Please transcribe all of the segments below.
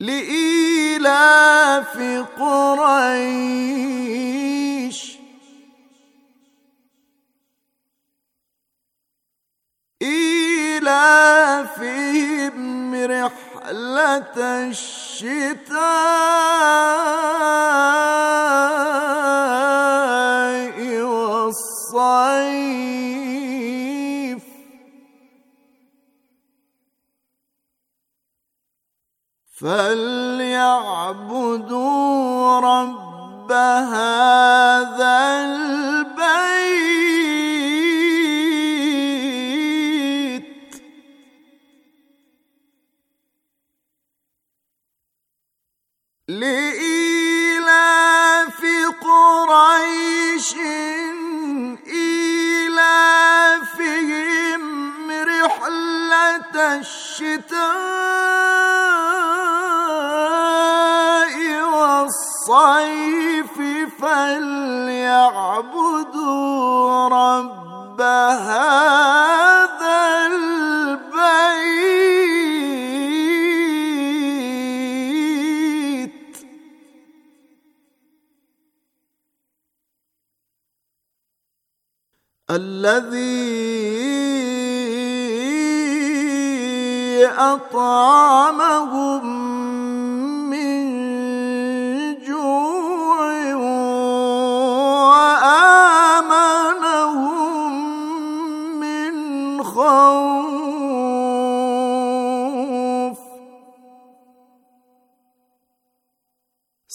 لإيلاف قريش إيلافهم رحلة الشتاء والصيف فليعبدوا رب هذا البيت لإيلاف قريش إيلافهم رحلة الشتاء الصيف فليعبدوا رب هذا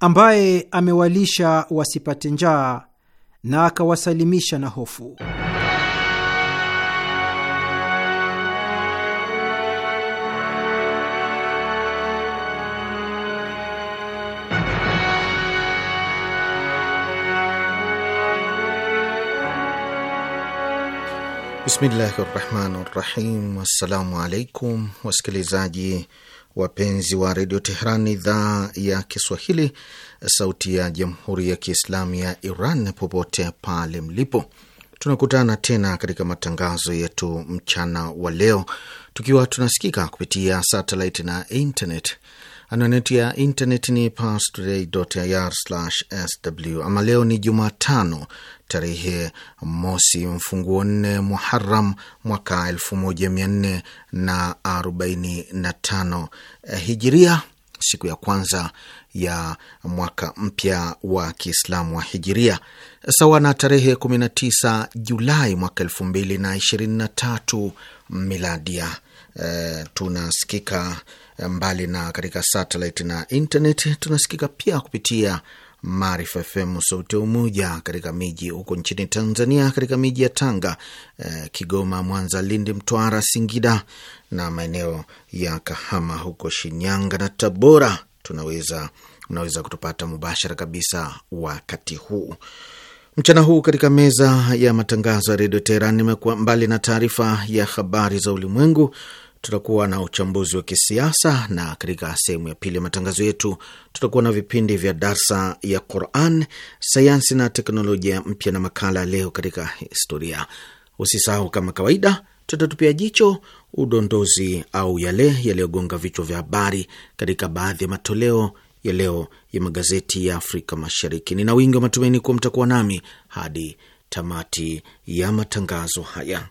ambaye amewalisha wasipate njaa na akawasalimisha na hofu. Bismillahi rahmani rahim. Assalamu alaikum wasikilizaji wapenzi wa redio Tehran, idhaa ya Kiswahili, sauti ya jamhuri ya kiislamu ya Iran, popote pale mlipo, tunakutana tena katika matangazo yetu mchana wa leo, tukiwa tunasikika kupitia satelit na internet. Anoneti ya intnet ni parstoday.ir/sw. Ama leo ni Jumatano tarehe mosi mfunguo nne Muharam mwaka na tano eh, hijiria, siku ya kwanza ya mwaka mpya wa Kiislamu wa hijiria, sawa na tarehe 19 Julai mwaka na tatu miladia e, tunasikika eh, mbali na katika satellite na internet, tunasikika pia kupitia Maarifa FM sauti ya Umoja katika miji huko nchini Tanzania, katika miji ya Tanga, e, Kigoma, Mwanza, Lindi, Mtwara, Singida na maeneo ya Kahama huko Shinyanga na Tabora. Tunaweza mnaweza kutupata mubashara kabisa wakati huu mchana huu katika meza ya matangazo ya redio Teheran. Nimekuwa mbali na taarifa ya habari za ulimwengu tutakuwa na uchambuzi wa kisiasa, na katika sehemu ya pili ya matangazo yetu tutakuwa na vipindi vya darsa ya Quran, sayansi na teknolojia mpya, na makala leo katika historia. Usisahau kama kawaida, tutatupia jicho udondozi au yale yaliyogonga vichwa vya habari katika baadhi ya matoleo ya leo ya magazeti ya Afrika Mashariki. Nina wingi wa matumaini kuwa mtakuwa nami hadi tamati ya matangazo haya.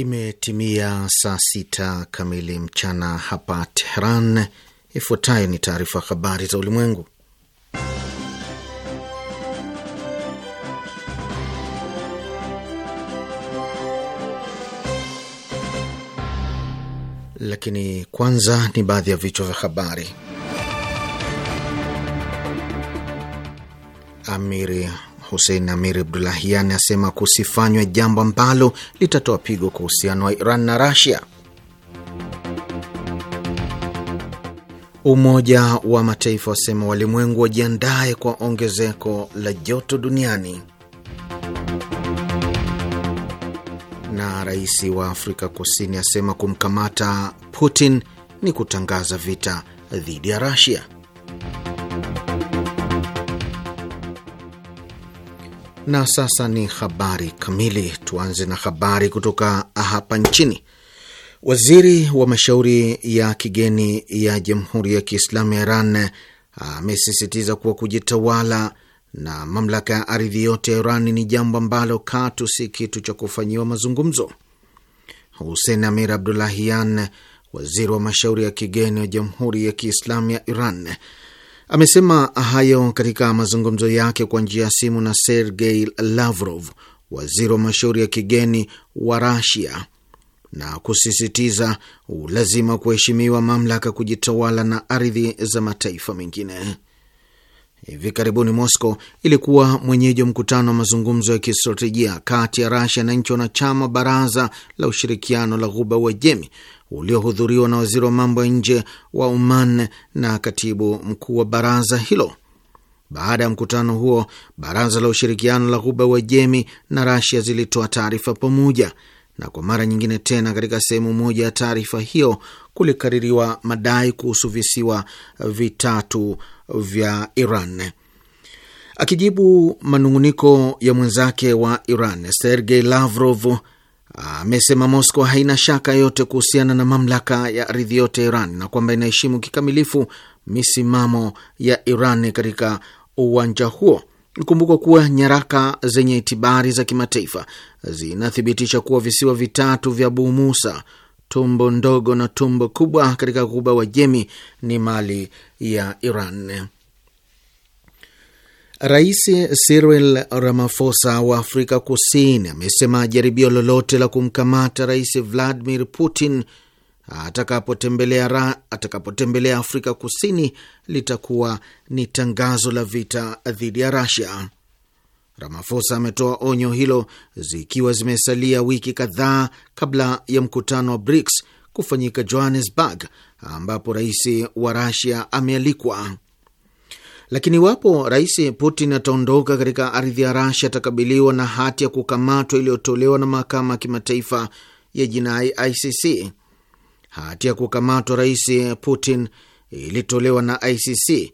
Imetimia saa sita kamili mchana hapa Tehran. Ifuatayo ni taarifa habari za ulimwengu, lakini kwanza ni baadhi ya vichwa vya habari. Amiri Hussein Amir Abdulahian asema kusifanywe jambo ambalo litatoa pigo kwa uhusiano wa Iran na Rasia. Umoja wa Mataifa wasema walimwengu wajiandaye kwa ongezeko la joto duniani. Na rais wa Afrika Kusini asema kumkamata Putin ni kutangaza vita dhidi ya Rasia. Na sasa ni habari kamili. Tuanze na habari kutoka hapa nchini. Waziri wa mashauri ya kigeni ya Jamhuri ya Kiislamu ya Iran amesisitiza kuwa kujitawala na mamlaka ya ardhi yote ya Iran ni jambo ambalo katu si kitu cha kufanyiwa mazungumzo. husen Amir Abdulahian, waziri wa mashauri ya kigeni wa Jamhuri ya Kiislamu ya Iran, Amesema hayo katika mazungumzo yake kwa njia ya simu na Sergei Lavrov, waziri wa mashauri ya kigeni wa Rasia, na kusisitiza ulazima kuheshimiwa mamlaka kujitawala na ardhi za mataifa mengine. Hivi karibuni Moscow ilikuwa mwenyeji wa mkutano wa mazungumzo ya kistratejia kati ya Rasia na nchi wanachama baraza la ushirikiano la Ghuba Uajemi uliohudhuriwa na waziri wa mambo ya nje wa Oman na katibu mkuu wa baraza hilo. Baada ya mkutano huo, baraza la ushirikiano la Ghuba Uajemi na Rasia zilitoa taarifa pamoja, na kwa mara nyingine tena katika sehemu moja ya taarifa hiyo kulikaririwa madai kuhusu visiwa vitatu vya Iran. Akijibu manung'uniko ya mwenzake wa Iran, Sergei Lavrov amesema Moscow haina shaka yote kuhusiana na mamlaka ya ardhi yote ya Iran na kwamba inaheshimu kikamilifu misimamo ya Iran katika uwanja huo. Ikumbukwa kuwa nyaraka zenye itibari za kimataifa zinathibitisha kuwa visiwa vitatu vya Bumusa Musa tumbo ndogo na tumbo kubwa katika ghuba Wajemi ni mali ya Iran. Rais Cyril Ramaphosa wa Afrika Kusini amesema jaribio lolote la kumkamata Rais Vladimir Putin atakapotembelea atakapotembelea Afrika Kusini litakuwa ni tangazo la vita dhidi ya Russia ramafosa ametoa onyo hilo zikiwa zimesalia wiki kadhaa kabla ya mkutano wa BRICS kufanyika Johannesburg, ambapo rais wa Rasia amealikwa. Lakini iwapo rais Putin ataondoka katika ardhi ya Rasia, atakabiliwa na hati ya kukamatwa iliyotolewa na mahakama ya kimataifa ya jinai ICC. Hati ya kukamatwa rais Putin ilitolewa na ICC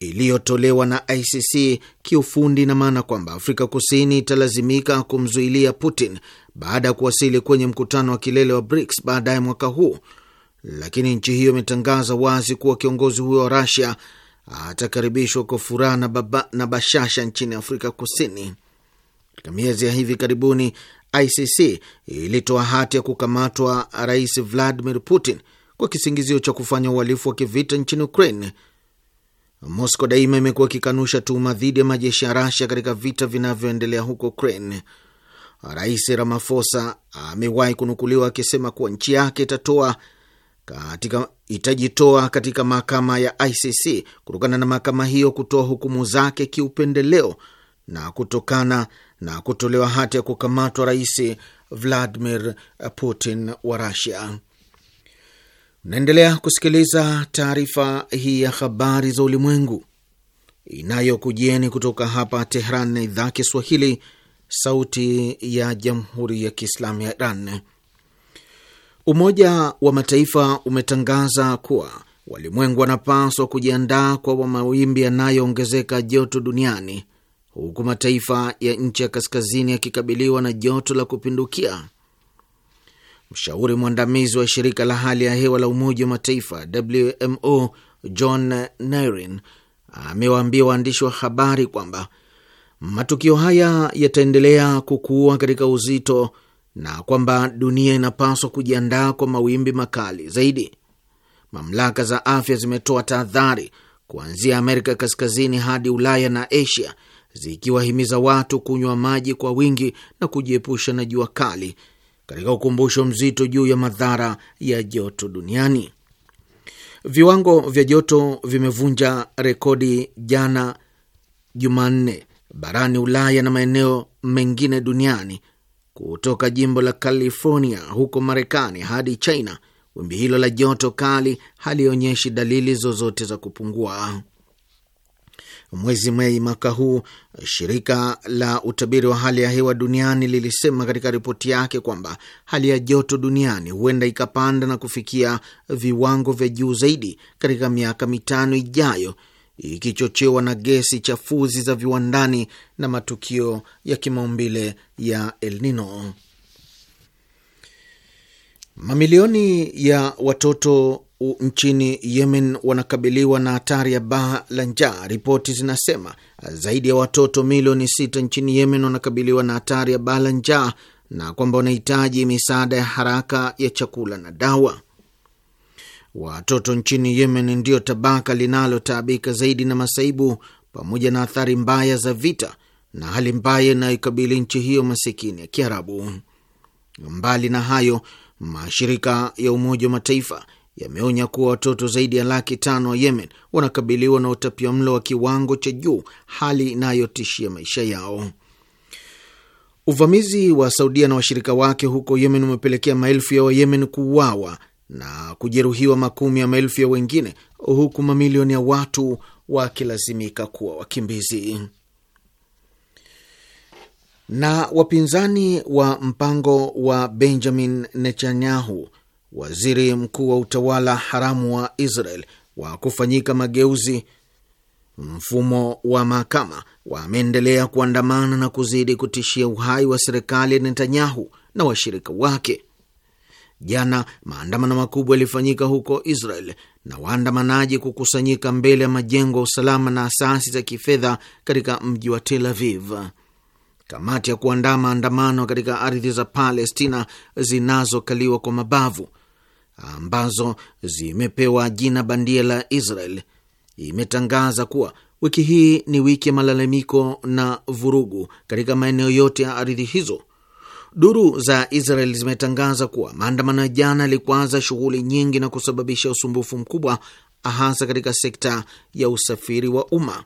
iliyotolewa na ICC kiufundi na maana kwamba Afrika Kusini italazimika kumzuilia Putin baada ya kuwasili kwenye mkutano wa kilele wa BRICS baadaye mwaka huu, lakini nchi hiyo imetangaza wazi kuwa kiongozi huyo wa rasia atakaribishwa kwa furaha na bashasha nchini Afrika Kusini. Katika miezi ya hivi karibuni, ICC ilitoa hati ya kukamatwa Rais Vladimir Putin kwa kisingizio cha kufanya uhalifu wa kivita nchini Ukraine Mosco daima imekuwa ikikanusha tuhuma dhidi ya majeshi ya Rasia katika vita vinavyoendelea huko Ukraine. Rais Ramafosa amewahi kunukuliwa akisema kuwa nchi yake itatoa katika itajitoa katika mahakama ya ICC kutokana na mahakama hiyo kutoa hukumu zake kiupendeleo na kutokana na kutolewa hati ya kukamatwa Rais Vladimir Putin wa Rasia. Unaendelea kusikiliza taarifa hii ya habari za ulimwengu inayokujieni kutoka hapa Tehran na idhaa Kiswahili, sauti ya jamhuri ya kiislamu ya Iran. Umoja wa Mataifa umetangaza kuwa walimwengu wanapaswa kujiandaa kwa mawimbi yanayoongezeka joto duniani, huku mataifa ya nchi ya kaskazini yakikabiliwa na joto la kupindukia Mshauri mwandamizi wa shirika la hali ya hewa la Umoja wa Mataifa WMO John Nairn amewaambia waandishi wa habari kwamba matukio haya yataendelea kukua katika uzito na kwamba dunia inapaswa kujiandaa kwa mawimbi makali zaidi. Mamlaka za afya zimetoa tahadhari kuanzia Amerika Kaskazini hadi Ulaya na Asia, zikiwahimiza watu kunywa maji kwa wingi na kujiepusha na jua kali katika ukumbusho mzito juu ya madhara ya joto duniani. Viwango vya joto vimevunja rekodi jana Jumanne barani Ulaya na maeneo mengine duniani, kutoka jimbo la California huko Marekani hadi China. Wimbi hilo la joto kali halionyeshi dalili zozote za kupungua. Mwezi Mei mwaka huu, shirika la utabiri wa hali ya hewa duniani lilisema katika ripoti yake kwamba hali ya joto duniani huenda ikapanda na kufikia viwango vya juu zaidi katika miaka mitano ijayo, ikichochewa na gesi chafuzi za viwandani na matukio ya kimaumbile ya El Nino. Mamilioni ya watoto nchini Yemen wanakabiliwa na hatari ya baa la njaa. Ripoti zinasema zaidi ya watoto milioni sita nchini Yemen wanakabiliwa na hatari ya baa la njaa na kwamba wanahitaji misaada ya haraka ya chakula na dawa. Watoto nchini Yemen ndiyo tabaka linalotaabika zaidi na masaibu pamoja na athari mbaya za vita na hali mbaya inayoikabili nchi hiyo masikini ya Kiarabu. Mbali na hayo, mashirika ya Umoja wa Mataifa yameonya kuwa watoto zaidi ya laki tano wa Yemen wanakabiliwa na utapia mlo wa kiwango cha juu, hali inayotishia maisha yao. Uvamizi wa Saudia na washirika wake huko Yemen umepelekea maelfu ya Wayemen kuuawa na kujeruhiwa makumi ya maelfu ya wengine, huku mamilioni ya watu wakilazimika kuwa wakimbizi. Na wapinzani wa mpango wa Benjamin Netanyahu waziri mkuu wa utawala haramu wa Israel wa kufanyika mageuzi mfumo wa mahakama wameendelea kuandamana na kuzidi kutishia uhai wa serikali ya Netanyahu na washirika wake. Jana maandamano makubwa yalifanyika huko Israel na waandamanaji kukusanyika mbele ya majengo ya usalama na asasi za kifedha katika mji wa Tel Aviv kamati ya kuandaa maandamano katika ardhi za Palestina zinazokaliwa kwa mabavu ambazo zimepewa jina bandia la Israel imetangaza kuwa wiki hii ni wiki ya malalamiko na vurugu katika maeneo yote ya ardhi hizo. Duru za Israel zimetangaza kuwa maandamano ya jana yalikuanza shughuli nyingi na kusababisha usumbufu mkubwa, hasa katika sekta ya usafiri wa umma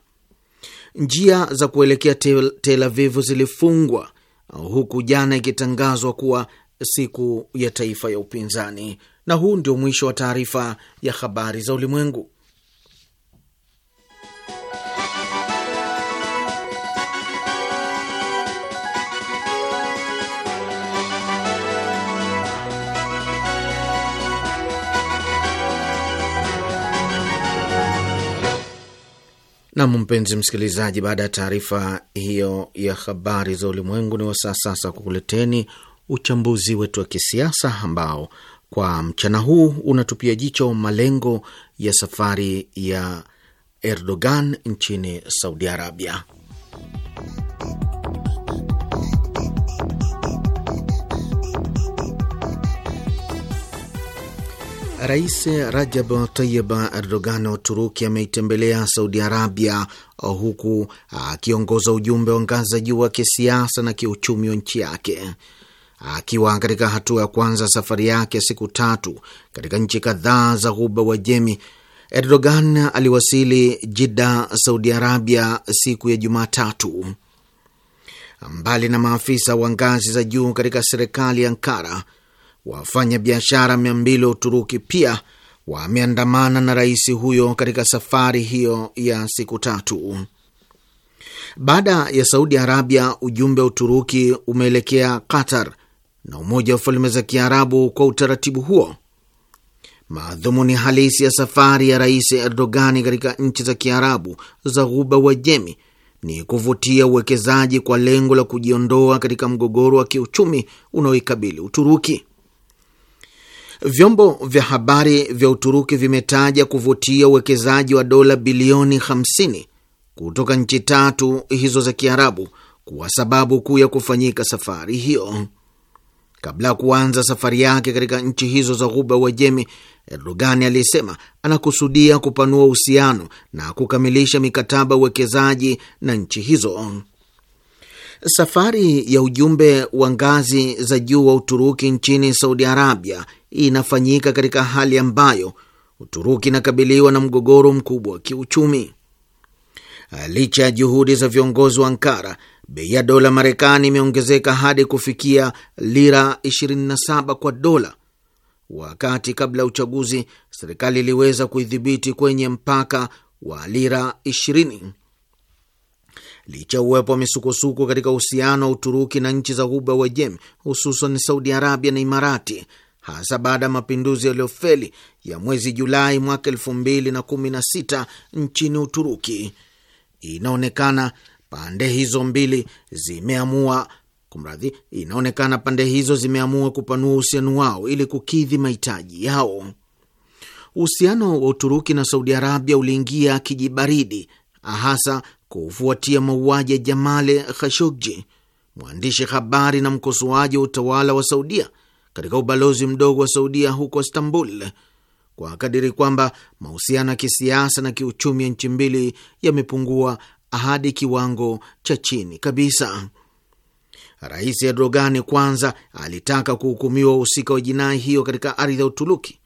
njia za kuelekea tel, Tel Avivu zilifungwa huku jana ikitangazwa kuwa siku ya taifa ya upinzani. Na huu ndio mwisho wa taarifa ya habari za ulimwengu. Nam, mpenzi msikilizaji, baada ya taarifa hiyo ya habari za ulimwengu, ni wasaa sasa kukuleteni uchambuzi wetu wa kisiasa ambao kwa mchana huu unatupia jicho malengo ya safari ya Erdogan nchini Saudi Arabia. Rais Rajab Tayyib Erdogan wa Uturuki ameitembelea Saudi Arabia huku akiongoza ujumbe wa ngazi ya juu wa kisiasa na kiuchumi wa nchi yake. Akiwa katika hatua ya kwanza safari yake siku tatu katika nchi kadhaa za Ghuba jemi Erdogan aliwasili Jidda, Saudi Arabia siku ya Jumatatu. Mbali na maafisa wa ngazi za juu katika serikali ya Ankara, Wafanyabiashara mia mbili wa Uturuki pia wameandamana na rais huyo katika safari hiyo ya siku tatu. Baada ya Saudi Arabia, ujumbe wa Uturuki umeelekea Qatar na Umoja wa Falme za Kiarabu kwa utaratibu huo. Madhumuni halisi ya safari ya Rais Erdogani katika nchi za Kiarabu za Ghuba Uajemi ni kuvutia uwekezaji kwa lengo la kujiondoa katika mgogoro wa kiuchumi unaoikabili Uturuki. Vyombo vya habari vya Uturuki vimetaja kuvutia uwekezaji wa dola bilioni 50 kutoka nchi tatu hizo za Kiarabu kuwa sababu kuu ya kufanyika safari hiyo. Kabla ya kuanza safari yake katika nchi hizo za Ghuba Uajemi, Erdogani alisema anakusudia kupanua uhusiano na kukamilisha mikataba ya uwekezaji na nchi hizo. Safari ya ujumbe wa ngazi za juu wa Uturuki nchini Saudi Arabia inafanyika katika hali ambayo Uturuki inakabiliwa na mgogoro mkubwa wa kiuchumi. Licha ya juhudi za viongozi wa Ankara, bei ya dola Marekani imeongezeka hadi kufikia lira 27 kwa dola, wakati kabla ya uchaguzi serikali iliweza kuidhibiti kwenye mpaka wa lira 20 licha ya uwepo wa misukosuko katika uhusiano wa Uturuki na nchi za Ghuba Uajemi, hususan Saudi Arabia na Imarati, hasa baada ya mapinduzi yaliyofeli ya mwezi Julai mwaka elfu mbili na kumi na sita nchini Uturuki, inaonekana pande hizo mbili zimeamua kumradhi, inaonekana pande hizo zimeamua kupanua uhusiano wao ili kukidhi mahitaji yao. Uhusiano wa Uturuki na Saudi Arabia uliingia kijibaridi hasa kufuatia mauaji ya Jamale Khashoggi, mwandishi habari na mkosoaji wa utawala wa Saudia katika ubalozi mdogo wa Saudia huko Istanbul, kwa kadiri kwamba mahusiano ya kisiasa na kiuchumi ya nchi mbili yamepungua hadi kiwango cha chini kabisa. Rais Erdogani kwanza alitaka kuhukumiwa wahusika wa jinai hiyo katika ardhi ya Uturuki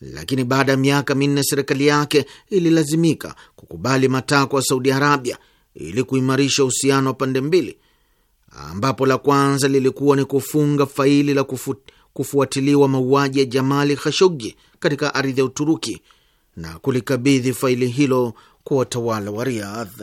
lakini baada ya miaka minne serikali yake ililazimika kukubali matakwa ya Saudi Arabia ili kuimarisha uhusiano wa pande mbili, ambapo la kwanza lilikuwa ni kufunga faili la kufu, kufuatiliwa mauaji ya Jamali Khashoggi katika ardhi ya Uturuki na kulikabidhi faili hilo kwa watawala wa Riyadh.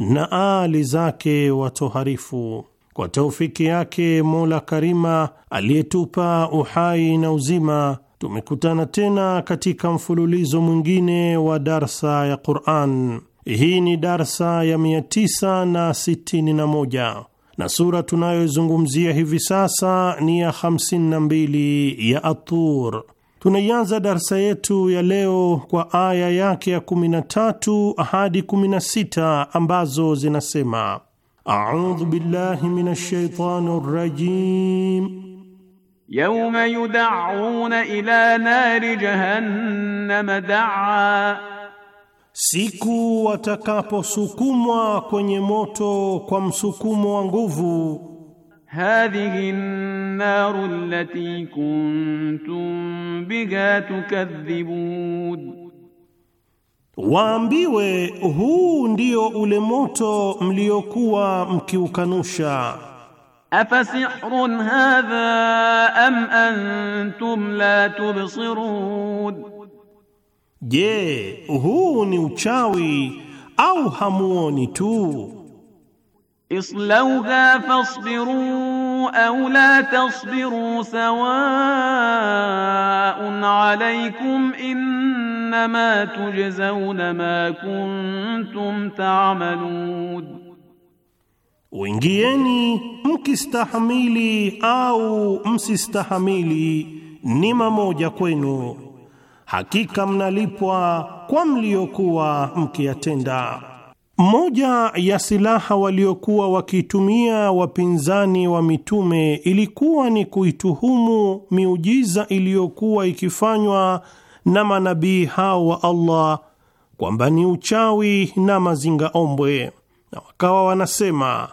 na aali zake watoharifu. Kwa taufiki yake Mola Karima aliyetupa uhai na uzima, tumekutana tena katika mfululizo mwingine wa darsa ya Quran. Hii ni darsa ya 961 na, na sura tunayoizungumzia hivi sasa ni ya 52 ya Atur. Tunaianza darsa yetu ya leo kwa aya yake ya 13 hadi 16 ambazo zinasema: audhu billahi minash shaitani rajim yawma yud'auna ila nari jahannama da'a, siku watakaposukumwa kwenye moto kwa msukumo wa nguvu hadhihi an-naru allati kuntum biha tukadhibun, waambiwe huu ndio ule moto mliokuwa mkiukanusha. Afasihrun hadha am antum la tubsirun, je, huu ni uchawi au hamuoni tu? islauha fasbiru au la tasbiru sawaun alaykum innama tujzauna ma kuntum ta'malun Uingieni mkistahimili au msistahamili ni mamoja kwenu, hakika mnalipwa kwa mliokuwa mkiyatenda. Moja ya silaha waliokuwa wakitumia wapinzani wa mitume ilikuwa ni kuituhumu miujiza iliyokuwa ikifanywa na manabii hao wa Allah kwamba ni uchawi na mazinga ombwe na wakawa wanasema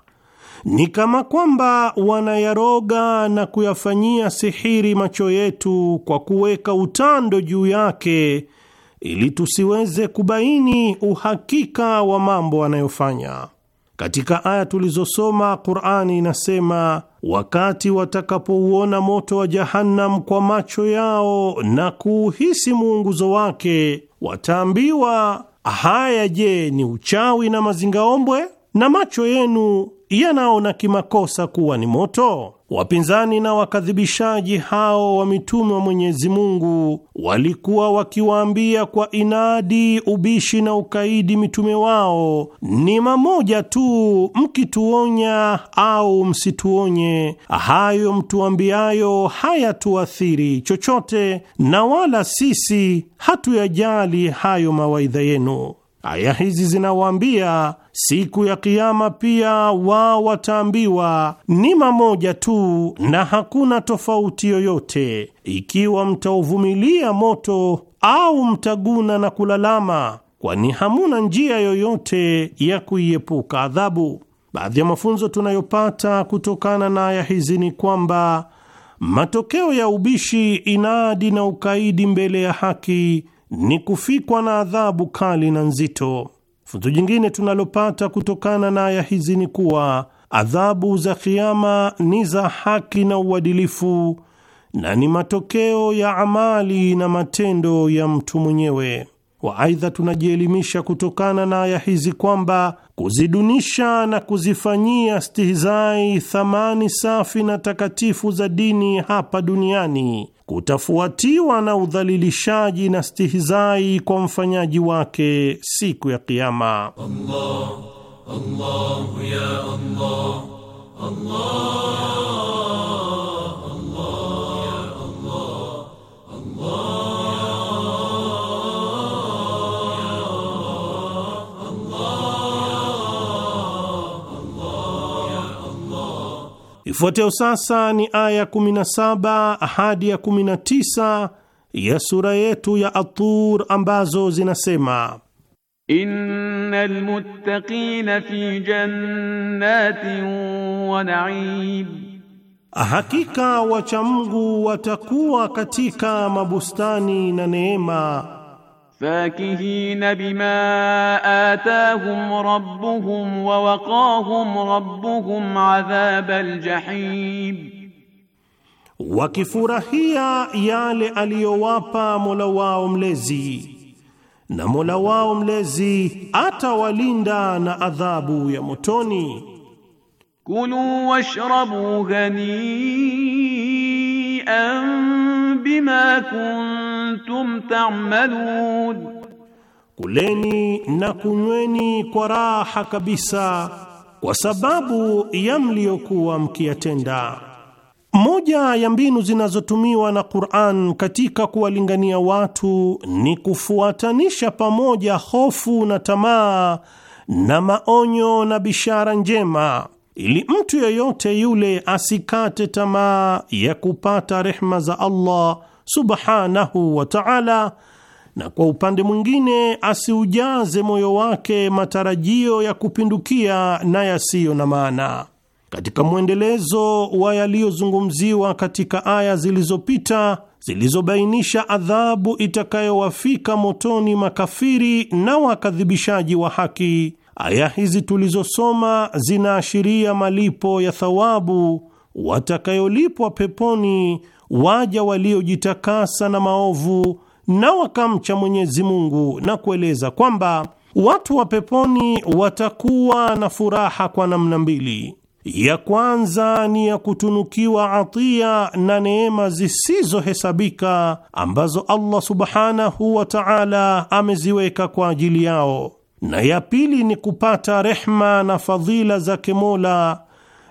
ni kama kwamba wanayaroga na kuyafanyia sihiri macho yetu kwa kuweka utando juu yake ili tusiweze kubaini uhakika wa mambo anayofanya. Katika aya tulizosoma, Qur'ani inasema wakati watakapouona moto wa Jahannam kwa macho yao na kuuhisi muunguzo wake, wataambiwa haya, je, ni uchawi na mazingaombwe? Na macho yenu yanaona kimakosa kuwa ni moto? Wapinzani na wakadhibishaji hao wa mitume wa Mwenyezi Mungu walikuwa wakiwaambia kwa inadi, ubishi na ukaidi mitume wao, ni mamoja tu, mkituonya au msituonye, hayo mtuambiayo hayatuathiri chochote, na wala sisi hatuyajali hayo mawaidha yenu. Aya hizi zinawaambia Siku ya Kiama pia wao wataambiwa ni mamoja tu na hakuna tofauti yoyote, ikiwa mtauvumilia moto au mtaguna na kulalama, kwani hamuna njia yoyote ya kuiepuka adhabu. Baadhi ya mafunzo tunayopata kutokana na aya hizi ni kwamba matokeo ya ubishi, inadi na ukaidi mbele ya haki ni kufikwa na adhabu kali na nzito. Funzo jingine tunalopata kutokana na aya hizi ni kuwa adhabu za kiama ni za haki na uadilifu na ni matokeo ya amali na matendo ya mtu mwenyewe. wa Aidha, tunajielimisha kutokana na aya hizi kwamba kuzidunisha na kuzifanyia stihizai thamani safi na takatifu za dini hapa duniani kutafuatiwa na udhalilishaji na stihizai kwa mfanyaji wake siku ya Kiama. Allah, Allah, ya Allah, Allah. Ifuatayo sasa ni aya 17 hadi ya 19 ya sura yetu ya Atur ambazo zinasema: Innal muttaqina fi jannatin wa na'im, hakika wachamgu watakuwa katika mabustani na neema فاكهين بما آتاهم ربهم ووقاهم ربهم عذاب الجحيم wakifurahia yale aliyowapa Mola wao mlezi na Mola wao mlezi atawalinda na adhabu ya motoni. Kulu washrabu ghanian bima kuntum kuntum ta'malun, kuleni na kunyweni kwa raha kabisa kwa sababu ya mliyokuwa mkiyatenda. Moja ya mbinu zinazotumiwa na Qur'an katika kuwalingania watu ni kufuatanisha pamoja hofu na tamaa na maonyo na bishara njema ili mtu yeyote yule asikate tamaa ya kupata rehma za Allah subhanahu wa ta'ala, na kwa upande mwingine asiujaze moyo wake matarajio ya kupindukia na yasiyo na maana. Katika mwendelezo wa yaliyozungumziwa katika aya zilizopita zilizobainisha adhabu itakayowafika motoni makafiri na wakadhibishaji wa haki, aya hizi tulizosoma zinaashiria malipo ya thawabu watakayolipwa peponi waja waliojitakasa na maovu na wakamcha Mwenyezi Mungu na kueleza kwamba watu wa peponi watakuwa na furaha kwa namna mbili. Ya kwanza ni ya kutunukiwa atia na neema zisizohesabika ambazo Allah subhanahu wa ta'ala ameziweka kwa ajili yao, na ya pili ni kupata rehma na fadhila zake Mola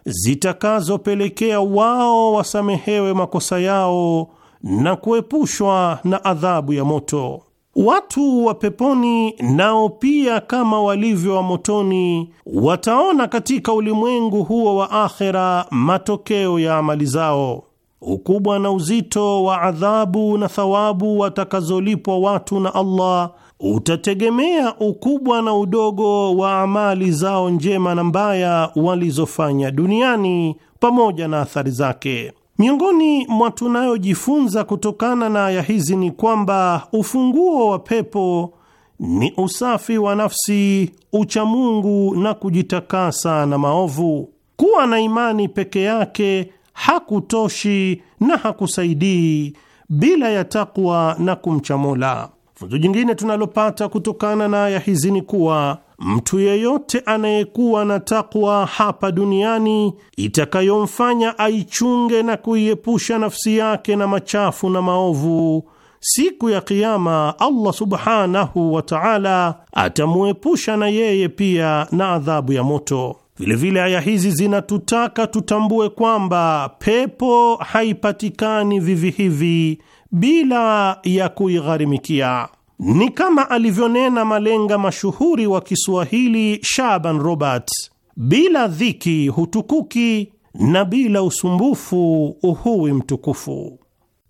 zitakazopelekea wao wasamehewe makosa yao na kuepushwa na adhabu ya moto. Watu wa peponi nao pia kama walivyo wa motoni wataona katika ulimwengu huo wa akhera matokeo ya amali zao. Ukubwa na uzito wa adhabu na thawabu watakazolipwa watu na Allah utategemea ukubwa na udogo wa amali zao njema na mbaya walizofanya duniani pamoja na athari zake. Miongoni mwa tunayojifunza kutokana na aya hizi ni kwamba ufunguo wa pepo ni usafi wa nafsi, uchamungu na kujitakasa na maovu. Kuwa na imani peke yake hakutoshi na hakusaidii bila ya takwa na kumcha Mola. Funzo jingine tunalopata kutokana na aya hizi ni kuwa mtu yeyote anayekuwa na takwa hapa duniani itakayomfanya aichunge na kuiepusha nafsi yake na machafu na maovu, siku ya Kiama Allah subhanahu wa taala atamwepusha na yeye pia na adhabu ya moto. Vilevile aya hizi zinatutaka tutambue kwamba pepo haipatikani vivi hivi bila ya kuigharimikia. Ni kama alivyonena malenga mashuhuri wa Kiswahili Shaban Robert, bila dhiki hutukuki na bila usumbufu uhuwi mtukufu.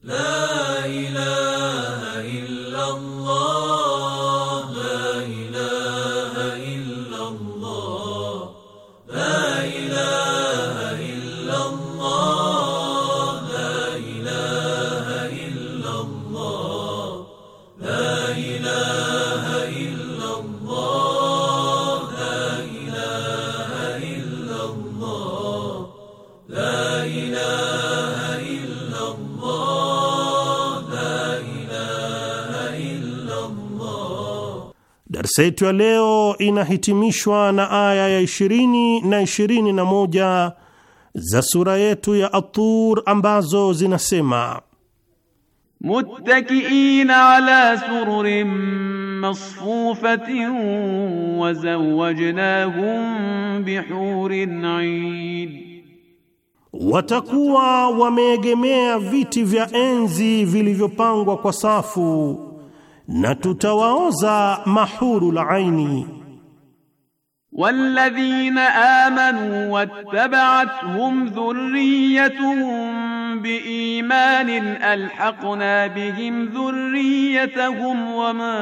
La ilaha illa Allah. Darsa yetu ya leo inahitimishwa na aya ya 20 na na moja za sura yetu ya Atur ambazo zinasema: muttakiina ala sururin masfufatin wa zawwajnahum bihurin ain, watakuwa wameegemea viti vya enzi vilivyopangwa kwa safu na tutawaoza mahuru la والذين آمنوا واتبعتهم ذريتهم بإيمان ألحقنا بهم ذريتهم وما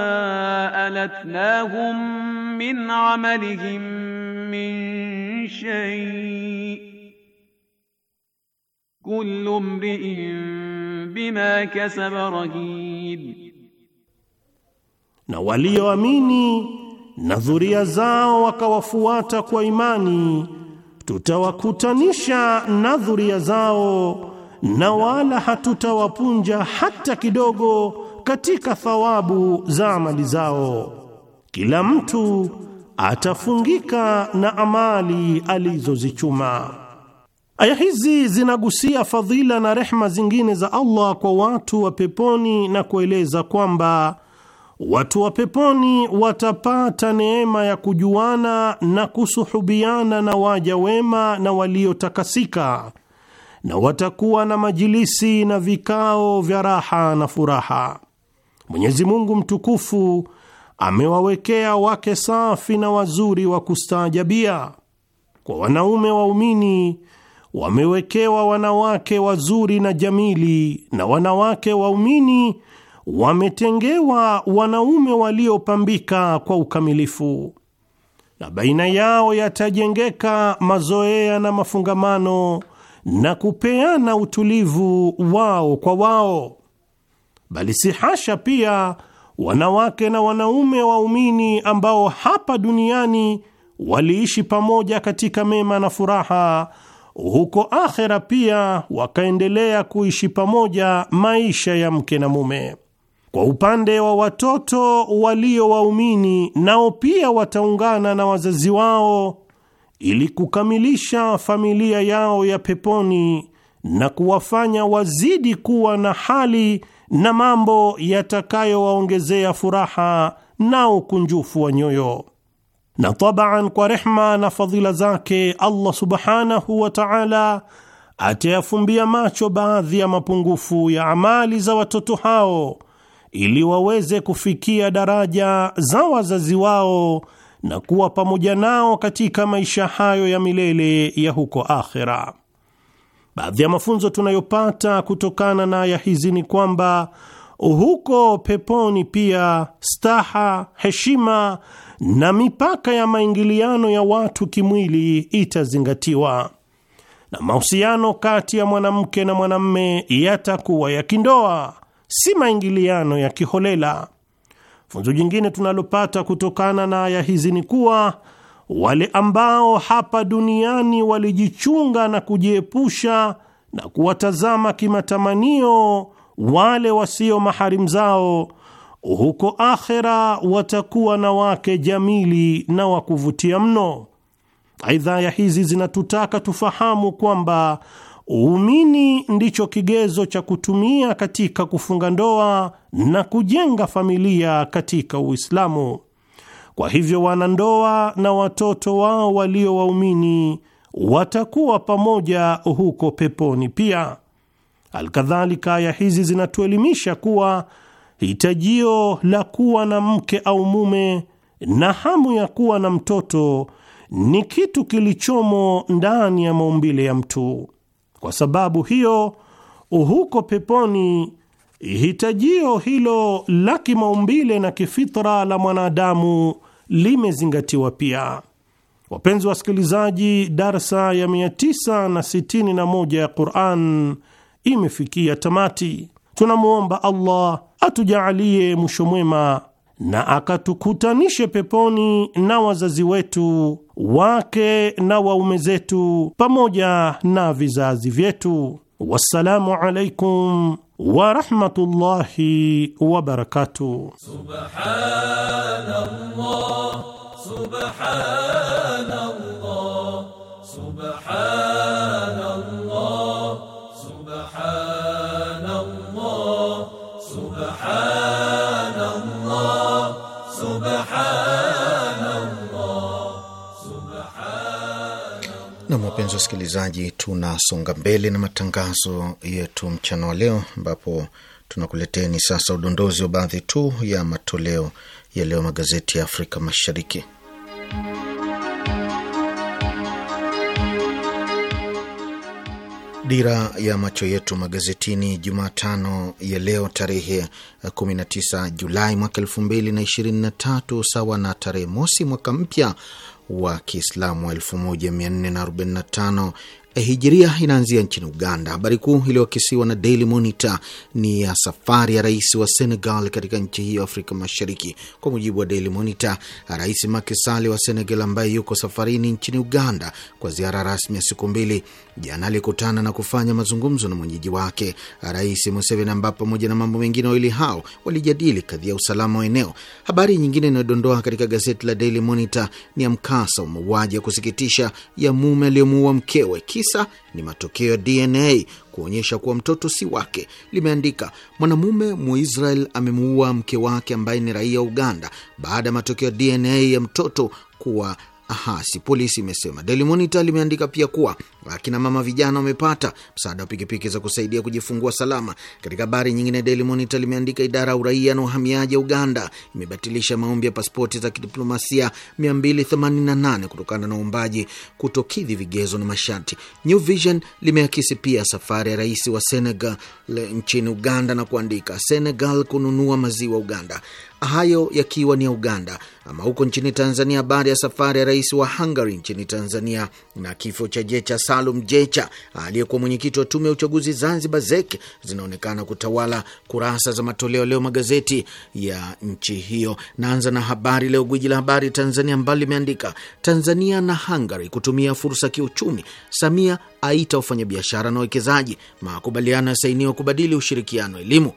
ألتناهم من عملهم من شيء كل امرئ بما كسب رهين na walioamini na dhuria zao wakawafuata kwa imani, tutawakutanisha na dhuria zao, na wala hatutawapunja hata kidogo katika thawabu za amali zao. Kila mtu atafungika na amali alizozichuma. Aya hizi zinagusia fadhila na rehma zingine za Allah kwa watu wa peponi na kueleza kwamba watu wa peponi watapata neema ya kujuana na kusuhubiana na waja wema na waliotakasika, na watakuwa na majilisi na vikao vya raha na furaha. Mwenyezi Mungu mtukufu amewawekea wake safi na wazuri wa kustaajabia. Kwa wanaume waumini wamewekewa wanawake wazuri na jamili, na wanawake waumini wametengewa wanaume waliopambika kwa ukamilifu, na baina yao yatajengeka mazoea na mafungamano na kupeana utulivu wao kwa wao. Bali si hasha pia wanawake na wanaume waumini ambao hapa duniani waliishi pamoja katika mema na furaha, huko akhera pia wakaendelea kuishi pamoja maisha ya mke na mume. Kwa upande wa watoto walio waumini, nao pia wataungana na wazazi wao ili kukamilisha familia yao ya peponi na kuwafanya wazidi kuwa na hali na mambo yatakayowaongezea furaha na ukunjufu wa nyoyo. Na tabaan, kwa rehma na fadhila zake Allah subhanahu wa ta'ala atayafumbia macho baadhi ya mapungufu ya amali za watoto hao ili waweze kufikia daraja za wazazi wao na kuwa pamoja nao katika maisha hayo ya milele ya huko akhera. Baadhi ya mafunzo tunayopata kutokana na aya hizi ni kwamba huko peponi pia staha, heshima na mipaka ya maingiliano ya watu kimwili itazingatiwa na mahusiano kati ya mwanamke na mwanamme yatakuwa ya kindoa si maingiliano ya kiholela. Funzo jingine tunalopata kutokana na aya hizi ni kuwa wale ambao hapa duniani walijichunga na kujiepusha na kuwatazama kimatamanio wale wasio maharimu zao, huko akhera watakuwa na wake jamili na wa kuvutia mno. Aidha, ya hizi zinatutaka tufahamu kwamba Uumini ndicho kigezo cha kutumia katika kufunga ndoa na kujenga familia katika Uislamu. Kwa hivyo, wanandoa na watoto wao walio waumini watakuwa pamoja huko peponi pia. Alkadhalika, aya hizi zinatuelimisha kuwa hitajio la kuwa na mke au mume na hamu ya kuwa na mtoto ni kitu kilichomo ndani ya maumbile ya mtu. Kwa sababu hiyo, huko peponi hitajio hilo la kimaumbile na kifitra la mwanadamu limezingatiwa pia. Wapenzi wasikilizaji, darsa ya 961 ya Quran imefikia tamati. Tunamwomba Allah atujaalie mwisho mwema na akatukutanishe peponi na wazazi wetu wake na waume zetu pamoja na vizazi vyetu. Wassalamu alaikum warahmatullahi wabarakatuh. Subhanallah, subhanallah, subhanallah. wapenzi wasikilizaji, tunasonga mbele na matangazo yetu mchana wa leo, ambapo tunakuleteni sasa udondozi wa baadhi tu ya matoleo ya leo magazeti ya Afrika Mashariki. Dira ya macho yetu magazetini Jumatano ya leo tarehe 19 Julai mwaka 2023 sawa na tarehe mosi mwaka mpya wa Kiislamu 1445 Eh, hijiria inaanzia nchini Uganda. Habari kuu iliyoakisiwa na Daily Monitor ni ya safari ya rais wa Senegal katika nchi hiyo Afrika Mashariki. Kwa mujibu wa Daily Monitor, Rais Macky Sall wa Senegal, ambaye yuko safarini nchini Uganda kwa ziara rasmi ya siku mbili, jana alikutana na kufanya mazungumzo na mwenyeji wake Rais Museveni, ambapo pamoja na mambo mengine wawili hao walijadili kadhia ya usalama wa eneo. Habari nyingine inayodondoa katika gazeti la Daily Monitor ni ya mkasa wa mauaji ya kusikitisha ya mume aliyomuua mkewe tisa ni matokeo ya DNA kuonyesha kuwa mtoto si wake. Limeandika mwanamume Muisrael amemuua mke wake ambaye ni raia wa Uganda baada ya matokeo ya DNA ya mtoto kuwa hasi, polisi imesema. Daily Monitor limeandika pia kuwa akina mama vijana wamepata msaada wa pikipiki za kusaidia kujifungua salama. Katika habari nyingine, Daily Monitor limeandika idara ya uraia na uhamiaji ya Uganda imebatilisha maombi ya pasipoti za kidiplomasia 288 kutokana na uombaji kutokidhi vigezo na masharti. New Vision limeakisi pia safari ya rais wa Senegal eh, nchini Uganda na kuandika Senegal kununua maziwa Uganda hayo yakiwa ni ya Uganda. Ama huko nchini Tanzania, baada ya safari ya rais wa Hungary nchini Tanzania na kifo cha Jecha Salum Jecha aliyekuwa mwenyekiti wa tume ya uchaguzi Zanzibar, ZEK zinaonekana kutawala kurasa za matoleo leo magazeti ya nchi hiyo. Naanza na Habari Leo, gwiji la habari Tanzania, ambalo limeandika Tanzania na Hungary kutumia fursa kiuchumi, Samia aita wafanyabiashara na wawekezaji, makubaliano ya sainiwa kubadili ushirikiano elimu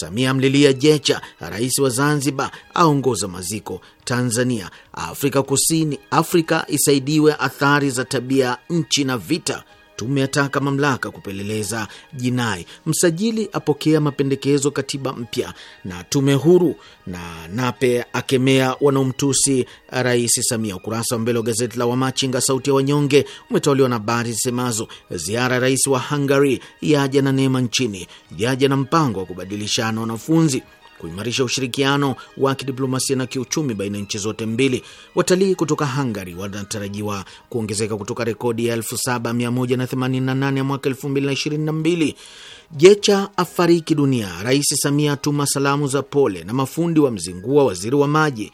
Samia amlilia Jecha, rais wa Zanzibar aongoza maziko. Tanzania, Afrika Kusini, Afrika isaidiwe athari za tabia nchi na vita. Tume mamlaka kupeleleza jinai, msajili apokea mapendekezo katiba mpya, na tume huru na Nape akemea wanaomtusi Rais Samia. Ukurasa wa mbele wa gazeti la Wamachinga Sauti ya Wanyonge umetawaliwa na habari zisemazo ziara ya rais wa Hungary yaja na neema nchini, yaja na mpango wa kubadilishana wanafunzi kuimarisha ushirikiano wa kidiplomasia na kiuchumi baina ya nchi zote mbili. Watalii kutoka Hungary wanatarajiwa kuongezeka kutoka rekodi ya 7188 ya mwaka 2022. Jecha afariki dunia. Rais Samia atuma salamu za pole na mafundi wa mzingua waziri wa maji.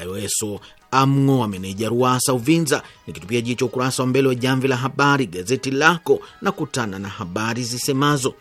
Aweso amng'oa meneja ruasa Uvinza. Nikitupia jicho ukurasa wa mbele wa Jamvi la Habari, gazeti lako na kutana na habari zisemazo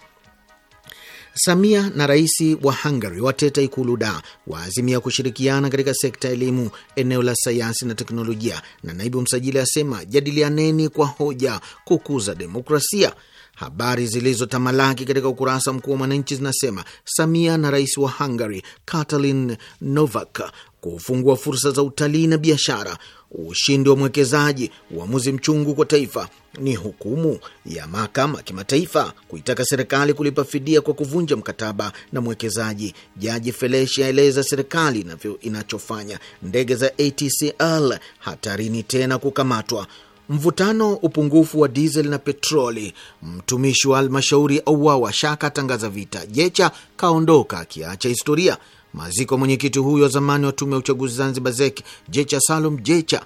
Samia na rais wa Hungary wateta ikulu da waazimia kushirikiana katika sekta ya elimu, eneo la sayansi na teknolojia, na naibu msajili asema jadilianeni kwa hoja kukuza demokrasia. Habari zilizotamalaki katika ukurasa mkuu wa Mwananchi zinasema Samia na rais wa Hungary Katalin Novak kufungua fursa za utalii na biashara, ushindi wa mwekezaji, uamuzi mchungu kwa taifa. Ni hukumu ya mahakama kimataifa kuitaka serikali kulipa fidia kwa kuvunja mkataba na mwekezaji. Jaji Feleshi aeleza serikali inavyo inachofanya. Ndege za ATCL hatarini tena kukamatwa. Mvutano upungufu wa dizeli na petroli. Mtumishi wa halmashauri auawa shaka tangaza vita. Jecha kaondoka akiacha historia. Maziko mwenyekiti huyo wa zamani wa tume ya uchaguzi Zanzibar ZEC Jecha Salum Jecha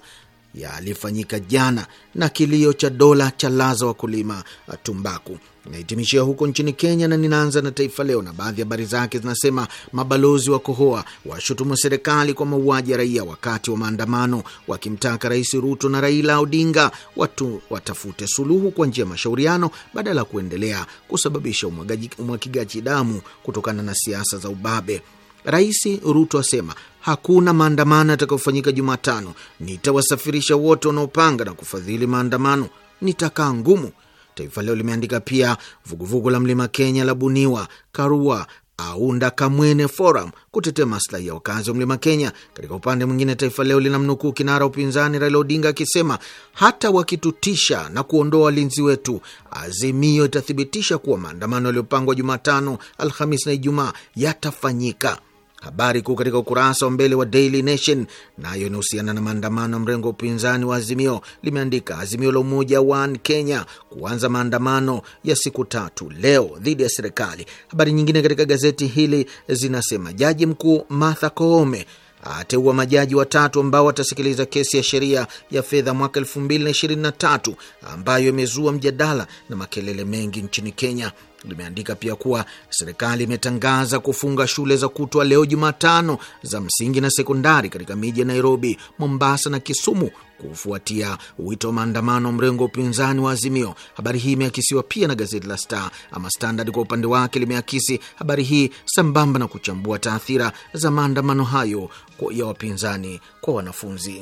yalifanyika jana na kilio cha dola cha laza wakulima tumbaku. Nahitimishia huko nchini Kenya na ninaanza na Taifa Leo na baadhi ya habari zake zinasema: mabalozi wa kohoa washutumu serikali kwa mauaji ya raia wakati wa maandamano, wakimtaka Rais Ruto na Raila Odinga watu watafute suluhu kwa njia ya mashauriano badala ya kuendelea kusababisha umwagaji, umwakigaji damu kutokana na siasa za ubabe. Rais Ruto asema hakuna maandamano yatakayofanyika Jumatano. Nitawasafirisha wote wanaopanga na kufadhili maandamano, nitakaa ngumu. Taifa Leo limeandika pia vuguvugu la Mlima Kenya la buniwa Karua aunda Kamwene Forum kutetea maslahi ya wakazi wa Mlima Kenya. Katika upande mwingine, Taifa Leo linamnukuu kinara upinzani Raila Odinga akisema hata wakitutisha na kuondoa walinzi wetu, Azimio itathibitisha kuwa maandamano yaliyopangwa Jumatano, Alhamis na Ijumaa yatafanyika. Habari kuu katika ukurasa wa mbele wa Daily Nation nayo inahusiana na maandamano ya mrengo wa upinzani wa Azimio. Limeandika Azimio la Umoja One Kenya kuanza maandamano ya siku tatu leo dhidi ya serikali. Habari nyingine katika gazeti hili zinasema Jaji Mkuu Martha Koome ateua majaji watatu ambao watasikiliza kesi ya sheria ya fedha mwaka 2023 ambayo imezua mjadala na makelele mengi nchini Kenya limeandika pia kuwa serikali imetangaza kufunga shule za kutwa leo Jumatano za msingi na sekondari katika miji ya Nairobi, Mombasa na Kisumu kufuatia wito wa maandamano mrengo wa upinzani wa Azimio. Habari hii imeakisiwa pia na gazeti la Star. Ama Standard kwa upande wake limeakisi habari hii sambamba na kuchambua taathira za maandamano hayo ya wapinzani kwa wanafunzi.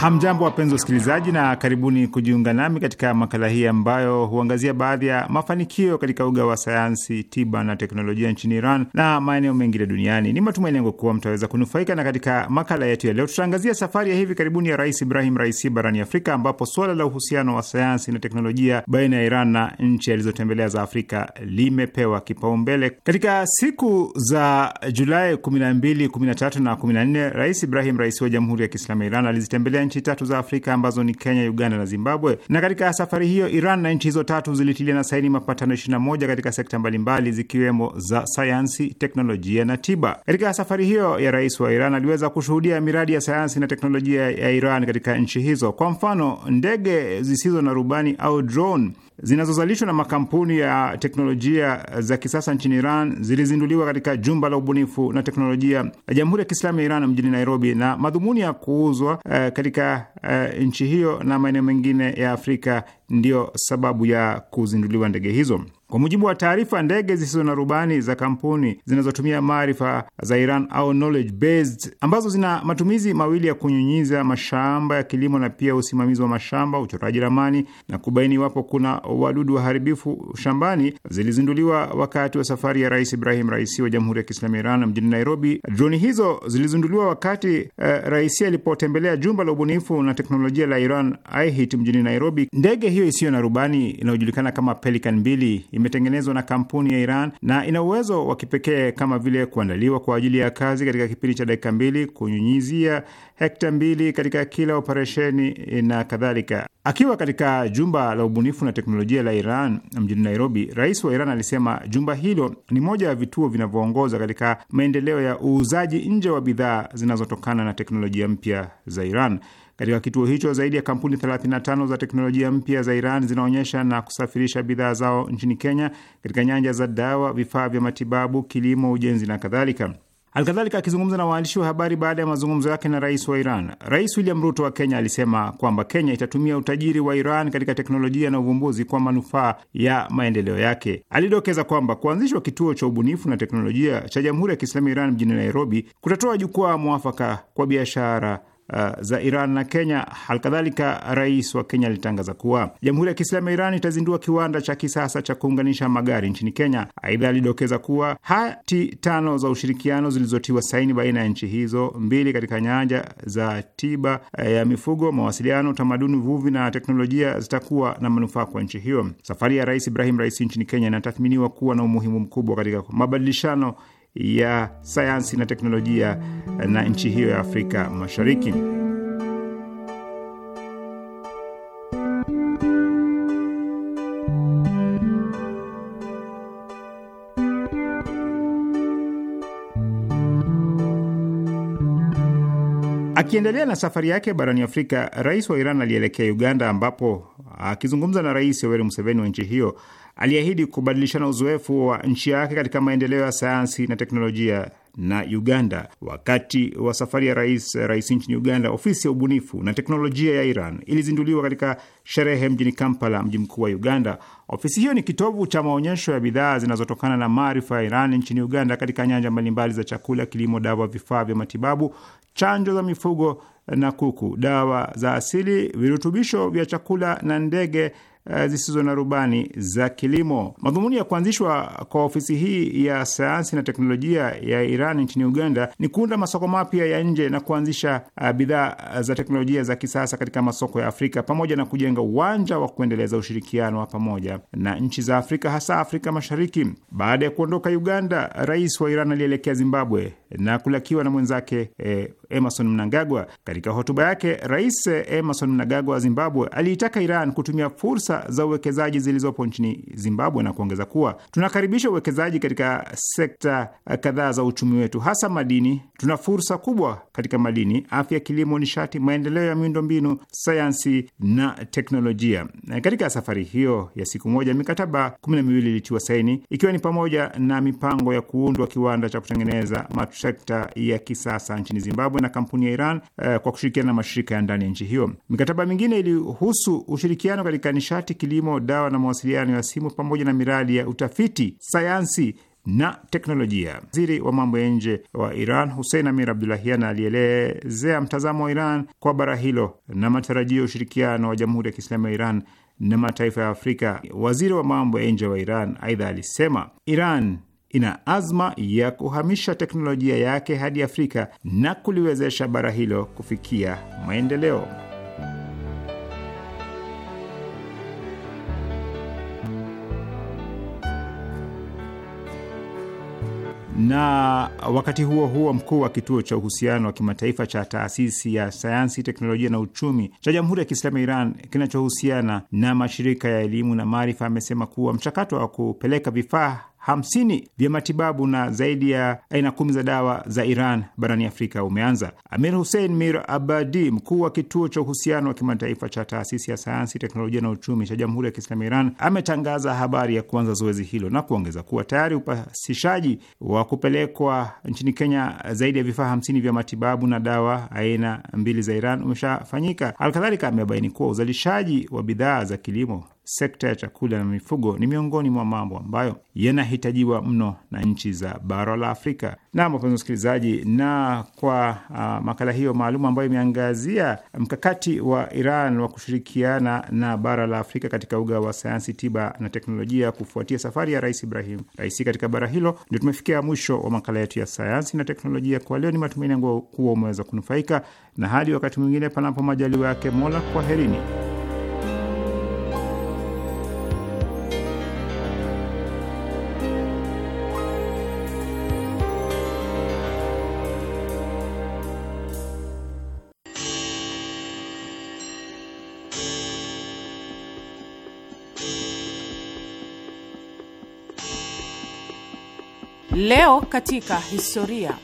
Hamjambo, wapenzi wasikilizaji, na karibuni kujiunga nami katika makala hii ambayo huangazia baadhi ya mafanikio katika uga wa sayansi, tiba na teknolojia nchini Iran na maeneo mengine duniani. Ni matumaini yangu kuwa mtaweza kunufaika, na katika makala yetu ya leo tutaangazia safari ya hivi karibuni ya Rais Ibrahim Raisi barani Afrika, ambapo suala la uhusiano wa sayansi na teknolojia baina ya Iran na nchi alizotembelea za Afrika limepewa kipaumbele. Katika siku za Julai 12, 13 na 14, Rais Ibrahim Raisi wa Jamhuri ya Kiislamu ya Iran alizitembelea nchi tatu za Afrika ambazo ni Kenya, Uganda na Zimbabwe. Na katika safari hiyo Iran na nchi hizo tatu zilitilia na saini mapatano 21 katika sekta mbalimbali zikiwemo za sayansi, teknolojia na tiba. Katika safari hiyo ya rais wa Iran aliweza kushuhudia miradi ya sayansi na teknolojia ya Iran katika nchi hizo, kwa mfano ndege zisizo na rubani au drone zinazozalishwa na makampuni ya teknolojia za kisasa nchini Iran zilizinduliwa katika jumba la ubunifu na teknolojia la Jamhuri ya Kiislamu ya Iran mjini Nairobi, na madhumuni ya kuuzwa uh, katika uh, nchi hiyo na maeneo mengine ya Afrika ndiyo sababu ya kuzinduliwa ndege hizo. Kwa mujibu wa taarifa, ndege zisizo na rubani za kampuni zinazotumia maarifa za Iran au knowledge based, ambazo zina matumizi mawili ya kunyunyiza mashamba ya kilimo na pia usimamizi wa mashamba, uchoraji ramani na kubaini iwapo kuna wadudu waharibifu shambani, zilizinduliwa wakati wa safari ya Rais Ibrahim Raisi wa Jamhuri ya Kiislamu ya Iran mjini Nairobi. Droni hizo zilizinduliwa wakati uh, Raisi alipotembelea jumba la ubunifu na teknolojia la Iran IHIT mjini Nairobi. Ndege hiyo isiyo na rubani inayojulikana kama Pelican mbili imetengenezwa na kampuni ya Iran na ina uwezo wa kipekee kama vile kuandaliwa kwa ajili ya kazi katika kipindi cha dakika mbili, kunyunyizia hekta mbili katika kila operesheni na kadhalika. Akiwa katika jumba la ubunifu na teknolojia la Iran mjini Nairobi, rais wa Iran alisema jumba hilo ni moja ya vituo vinavyoongoza katika maendeleo ya uuzaji nje wa bidhaa zinazotokana na teknolojia mpya za Iran. Katika kituo hicho zaidi ya kampuni 35 za teknolojia mpya za Iran zinaonyesha na kusafirisha bidhaa zao nchini Kenya katika nyanja za dawa, vifaa vya matibabu, kilimo, ujenzi na kadhalika. Halikadhalika, akizungumza na waandishi wa habari baada ya mazungumzo yake na rais wa Iran, Rais William Ruto wa Kenya alisema kwamba Kenya itatumia utajiri wa Iran katika teknolojia na uvumbuzi kwa manufaa ya maendeleo yake. Alidokeza kwamba kuanzishwa kituo cha ubunifu na teknolojia cha Jamhuri ya Kiislamu ya Iran mjini Nairobi kutatoa jukwaa mwafaka kwa biashara uh, za Iran na Kenya. Halikadhalika, rais wa Kenya alitangaza kuwa Jamhuri ya Kiislamu ya Iran itazindua kiwanda cha kisasa cha kuunganisha magari nchini Kenya. Aidha, alidokeza kuwa hati tano za ushirikiano zilizotiwa saini baina ya nchi hizo mbili katika nyanja za tiba eh, ya mifugo, mawasiliano, utamaduni, uvuvi na teknolojia zitakuwa na manufaa kwa nchi hiyo. Safari ya Rais Ibrahim Raisi nchini Kenya inatathminiwa kuwa na umuhimu mkubwa katika mabadilishano ya sayansi na teknolojia na nchi hiyo ya Afrika Mashariki. Akiendelea na safari yake barani Afrika, rais wa Iran alielekea Uganda, ambapo akizungumza na Rais Yoweri Museveni wa nchi hiyo aliahidi kubadilishana uzoefu wa nchi yake katika maendeleo ya sayansi na teknolojia na Uganda. Wakati wa safari ya rais rais nchini Uganda, ofisi ya ubunifu na teknolojia ya Iran ilizinduliwa katika sherehe mjini Kampala, mji mkuu wa Uganda. Ofisi hiyo ni kitovu cha maonyesho ya bidhaa zinazotokana na maarifa ya Iran nchini Uganda, katika nyanja mbalimbali za chakula, kilimo, dawa, vifaa vya matibabu, chanjo za mifugo na kuku, dawa za asili, virutubisho vya chakula na ndege Eh, zisizo na rubani za kilimo. Madhumuni ya kuanzishwa kwa ofisi hii ya sayansi na teknolojia ya Iran nchini Uganda ni kuunda masoko mapya ya nje na kuanzisha eh, bidhaa za teknolojia za kisasa katika masoko ya Afrika pamoja na kujenga uwanja wa kuendeleza ushirikiano wa pamoja na nchi za Afrika, hasa Afrika Mashariki. Baada ya kuondoka Uganda, rais wa Iran alielekea Zimbabwe na kulakiwa na mwenzake eh, Emerson Mnangagwa. Katika hotuba yake, Rais Emerson Mnangagwa wa Zimbabwe aliitaka Iran kutumia fursa za uwekezaji zilizopo nchini Zimbabwe na kuongeza kuwa tunakaribisha uwekezaji katika sekta kadhaa za uchumi wetu, hasa madini. Tuna fursa kubwa katika madini, afya, kilimo, nishati, maendeleo ya miundombinu, sayansi na teknolojia. Katika safari hiyo ya siku moja, mikataba kumi na miwili ilitiwa saini, ikiwa ni pamoja na mipango ya kuundwa kiwanda cha kutengeneza matrekta ya kisasa nchini Zimbabwe Zimbabwe na kampuni ya Iran uh, kwa kushirikiana na mashirika ya ndani ya nchi hiyo. Mikataba mingine ilihusu ushirikiano katika nishati, kilimo, dawa na mawasiliano ya simu pamoja na miradi ya utafiti, sayansi na teknolojia. Waziri wa mambo ya nje wa Iran Hussein Amir Abdulahian alielezea mtazamo wa Iran kwa bara hilo na matarajio ya ushirikiano wa Jamhuri ya Kiislamu ya Iran na mataifa ya Afrika. Waziri wa mambo ya nje wa Iran aidha alisema Iran ina azma ya kuhamisha teknolojia yake hadi Afrika na kuliwezesha bara hilo kufikia maendeleo. na wakati huo huo mkuu wa kituo cha uhusiano wa kimataifa cha taasisi ya sayansi, teknolojia na uchumi cha Jamhuri ya Kiislamu ya Iran kinachohusiana na mashirika ya elimu na maarifa amesema kuwa mchakato wa kupeleka vifaa hamsini vya matibabu na zaidi ya aina kumi za dawa za Iran barani Afrika umeanza. Amir Hussein Mir Abadi, mkuu wa kituo cha uhusiano wa kimataifa cha taasisi ya sayansi, teknolojia na uchumi cha Jamhuri ya Kiislamu ya Iran, ametangaza habari ya kuanza zoezi hilo na kuongeza kuwa tayari upasishaji wa kupelekwa nchini Kenya zaidi ya vifaa hamsini vya matibabu na dawa aina mbili za Iran umeshafanyika. Alkadhalika, amebaini kuwa uzalishaji wa bidhaa za kilimo sekta ya chakula na mifugo ni miongoni mwa mambo ambayo yanahitajiwa mno na nchi za bara la Afrika. Naam, wapenzi wasikilizaji, na kwa uh, makala hiyo maalum ambayo imeangazia mkakati wa Iran wa kushirikiana na bara la Afrika katika uga wa sayansi, tiba na teknolojia kufuatia safari ya Rais Ibrahim Raisi katika bara hilo, ndio tumefikia mwisho wa makala yetu ya sayansi na teknolojia kwa leo. Ni matumaini yangu kuwa umeweza kunufaika, na hadi wakati mwingine, panapo majaliwa yake Mola, kwaherini. Leo katika historia.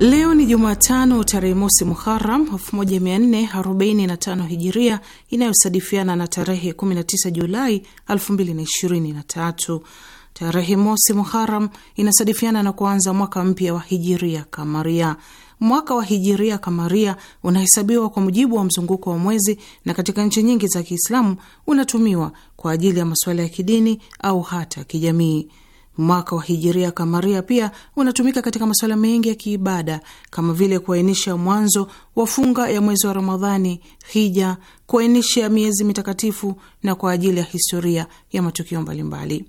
Leo ni Jumatano tarehe mosi Muharam 1445 Hijiria, inayosadifiana na tarehe 19 Julai 2023. Tarehe mosi Muharam inasadifiana na kuanza mwaka mpya wa Hijiria Kamaria. Mwaka wa Hijiria Kamaria unahesabiwa kwa mujibu wa mzunguko wa mwezi, na katika nchi nyingi za Kiislamu unatumiwa kwa ajili ya masuala ya kidini au hata kijamii. Mwaka wa hijiria kamaria pia unatumika katika masuala mengi ya kiibada kama vile kuainisha mwanzo wa funga ya mwezi wa Ramadhani, hija, kuainisha miezi mitakatifu na kwa ajili ya historia ya matukio mbalimbali.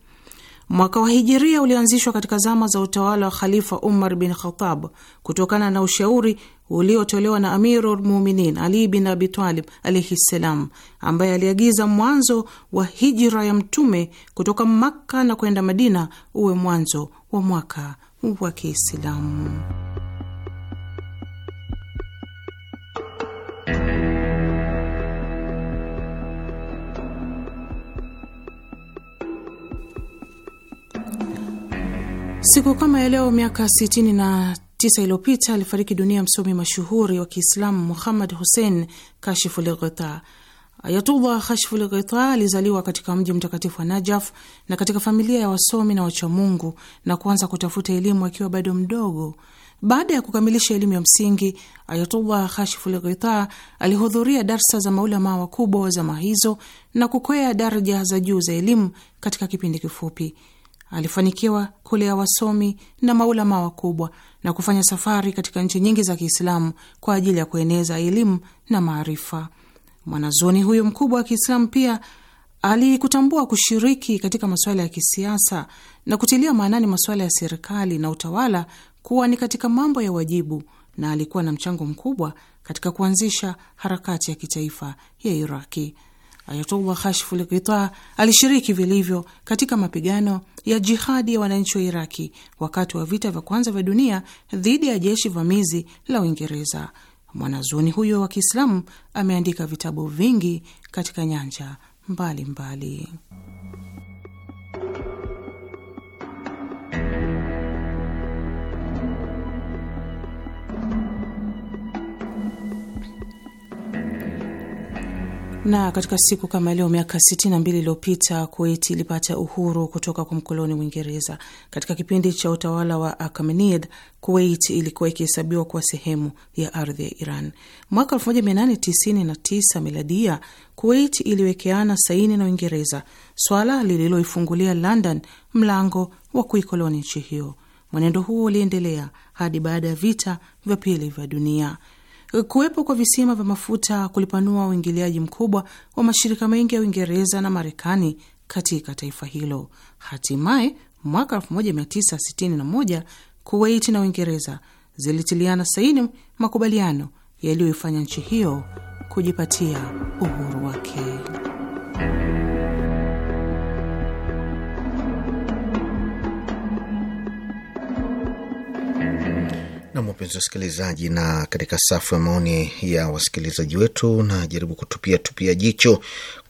Mwaka wa hijiria ulianzishwa katika zama za utawala wa Khalifa Umar bin Khattab kutokana na ushauri uliotolewa na Amirul Muminin Ali bin Abitalib alaihi ssalam, ambaye aliagiza mwanzo wa hijra ya Mtume kutoka Makka na kwenda Madina uwe mwanzo wa mwaka wa Kiislamu. Siku kama ya leo miaka sitini na tisa iliyopita alifariki dunia msomi mashuhuri wa Kiislamu Muhammad Hussein Kashiful Ghita. Ayatullah Kashiful Ghita alizaliwa katika mji mtakatifu wa Najaf na katika familia ya wasomi na wachamungu na kuanza kutafuta elimu akiwa bado mdogo. Baada ya kukamilisha elimu ya msingi, Ayatullah Kashiful Ghita alihudhuria darsa za maulamaa wakubwa wa zama hizo na kukwea daraja za juu za elimu katika kipindi kifupi. Alifanikiwa kulea wasomi na maulamaa wakubwa na kufanya safari katika nchi nyingi za Kiislamu kwa ajili ya kueneza elimu na maarifa. Mwanazuoni huyo mkubwa wa Kiislamu pia alikutambua kushiriki katika masuala ya kisiasa na kutilia maanani masuala ya serikali na utawala kuwa ni katika mambo ya wajibu, na alikuwa na mchango mkubwa katika kuanzisha harakati ya kitaifa ya Iraki. Ayatullah Khashiful Ghita alishiriki vilivyo katika mapigano ya jihadi ya wananchi wa Iraki wakati wa vita vya kwanza vya dunia dhidi ya jeshi vamizi la Uingereza. Mwanazuoni huyo wa Kiislamu ameandika vitabu vingi katika nyanja mbalimbali mbali. Na katika siku kama leo miaka 62 iliyopita Kuwait ilipata uhuru kutoka kwa mkoloni Mwingereza. Katika kipindi cha utawala wa Akamenid, Kuwait ilikuwa ikihesabiwa kuwa sehemu ya ardhi ya Iran. Mwaka 1899 miladia, Kuwait iliwekeana saini na Uingereza, swala lililoifungulia London mlango wa kuikoloni nchi hiyo. Mwenendo huo uliendelea hadi baada ya vita vya pili vya dunia. Eh, kuwepo kwa visima vya mafuta kulipanua uingiliaji mkubwa wa mashirika mengi ya Uingereza na Marekani katika taifa hilo. Hatimaye mwaka 1961 Kuwait na Uingereza zilitiliana saini makubaliano yaliyoifanya nchi hiyo kujipatia uhuru wake. Nam, wapenzi wasikilizaji, na katika safu ya maoni ya wasikilizaji wetu najaribu kutupia tupia jicho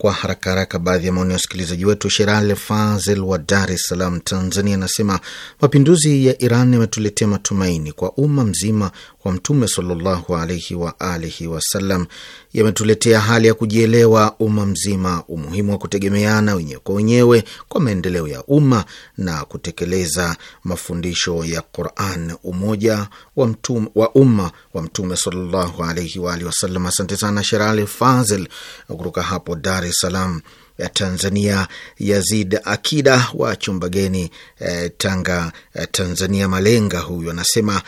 kwa haraka haraka baadhi ya maoni ya wasikilizaji wetu. Sheral Fazel wa Dar es Salaam, Tanzania, anasema mapinduzi ya Iran yametuletea matumaini kwa umma mzima wa Mtume sallallahu alaihi wa alihi wasallam, yametuletea hali ya kujielewa umma mzima, umuhimu wa kutegemeana wenyewe kwa wenyewe kwa maendeleo ya umma na kutekeleza mafundisho ya Quran, umoja wa, wa umma wa Mtume sallallahu alaihi waalihi wasallam. Asante sana Sherali Fazil kutoka hapo Dar es Salaam, ya Tanzania, Yazid Akida wa Chumbageni, eh, Tanga, eh, Tanzania. Malenga huyu anasema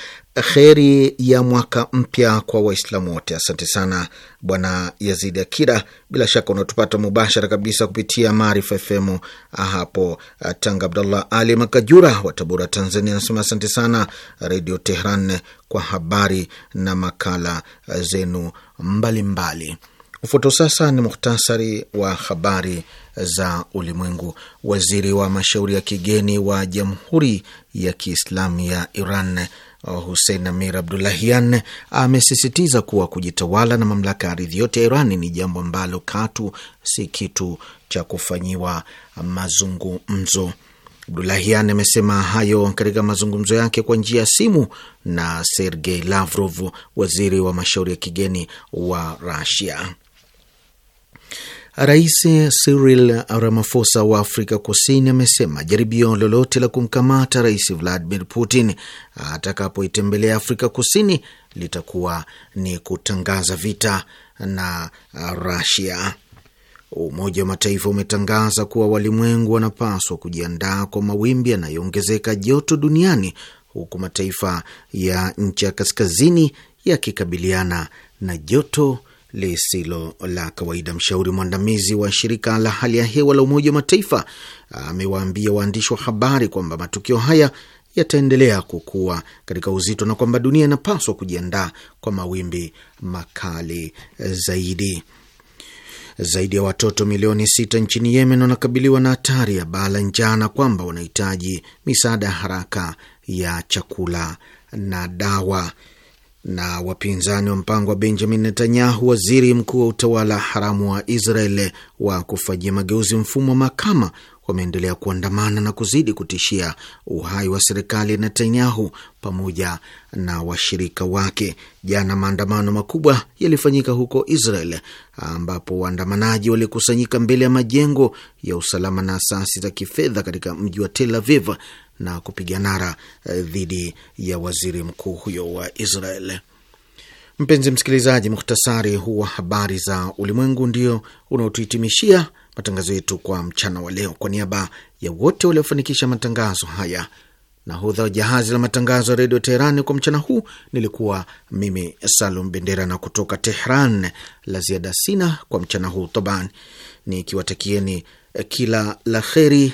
kheri ya mwaka mpya kwa Waislamu wote. Asante sana Bwana Yazid Akida, bila shaka unatupata mubashara kabisa kupitia Maarifa FM ah, hapo eh, Tanga. abdullah Ali Makajura wa Tabora, Tanzania, anasema asante sana Redio Tehran kwa habari na makala eh, zenu mbalimbali mbali. Ufuatao sasa ni muhtasari wa habari za ulimwengu. Waziri wa mashauri ya kigeni wa Jamhuri ya Kiislamu ya Iran husein Amir Abdulahian amesisitiza kuwa kujitawala na mamlaka ya ardhi yote ya Iran ni jambo ambalo katu si kitu cha kufanyiwa mazungumzo. Abdulahian amesema hayo katika mazungumzo yake kwa njia ya simu na Sergei Lavrov, waziri wa mashauri ya kigeni wa Rasia. Rais Cyril Ramaphosa wa Afrika Kusini amesema jaribio lolote la kumkamata Rais Vladimir Putin atakapoitembelea Afrika Kusini litakuwa ni kutangaza vita na Russia. Umoja wa Mataifa umetangaza kuwa walimwengu wanapaswa kujiandaa kwa mawimbi yanayoongezeka joto duniani huku mataifa ya nchi ya kaskazini yakikabiliana na joto lisilo la kawaida. Mshauri mwandamizi wa shirika la hali ya hewa la Umoja wa Mataifa amewaambia waandishi wa habari kwamba matukio haya yataendelea kukua katika uzito na kwamba dunia inapaswa kujiandaa kwa mawimbi makali zaidi. Zaidi ya watoto milioni sita nchini Yemen wanakabiliwa na hatari ya baa la njaa na kwamba wanahitaji misaada ya haraka ya chakula na dawa na wapinzani wa mpango wa Benjamin Netanyahu, waziri mkuu wa utawala haramu wa Israel, wa kufanyia mageuzi mfumo wa mahakama wameendelea kuandamana na kuzidi kutishia uhai wa serikali ya Netanyahu pamoja na washirika wake. Jana maandamano makubwa yalifanyika huko Israel, ambapo waandamanaji walikusanyika mbele ya majengo ya usalama na asasi za kifedha katika mji wa Tel Aviv na kupiga nara eh, dhidi ya waziri mkuu huyo wa Israel. Mpenzi msikilizaji, muhtasari huu wa habari za ulimwengu ndio unaotuhitimishia matangazo yetu kwa mchana wa leo. Kwa niaba ya wote waliofanikisha matangazo haya, nahodha wa jahazi la matangazo ya redio Teheran kwa mchana huu nilikuwa mimi Salum Bendera, na kutoka Tehran la ziada sina kwa mchana huu toban, nikiwatakieni eh, kila la kheri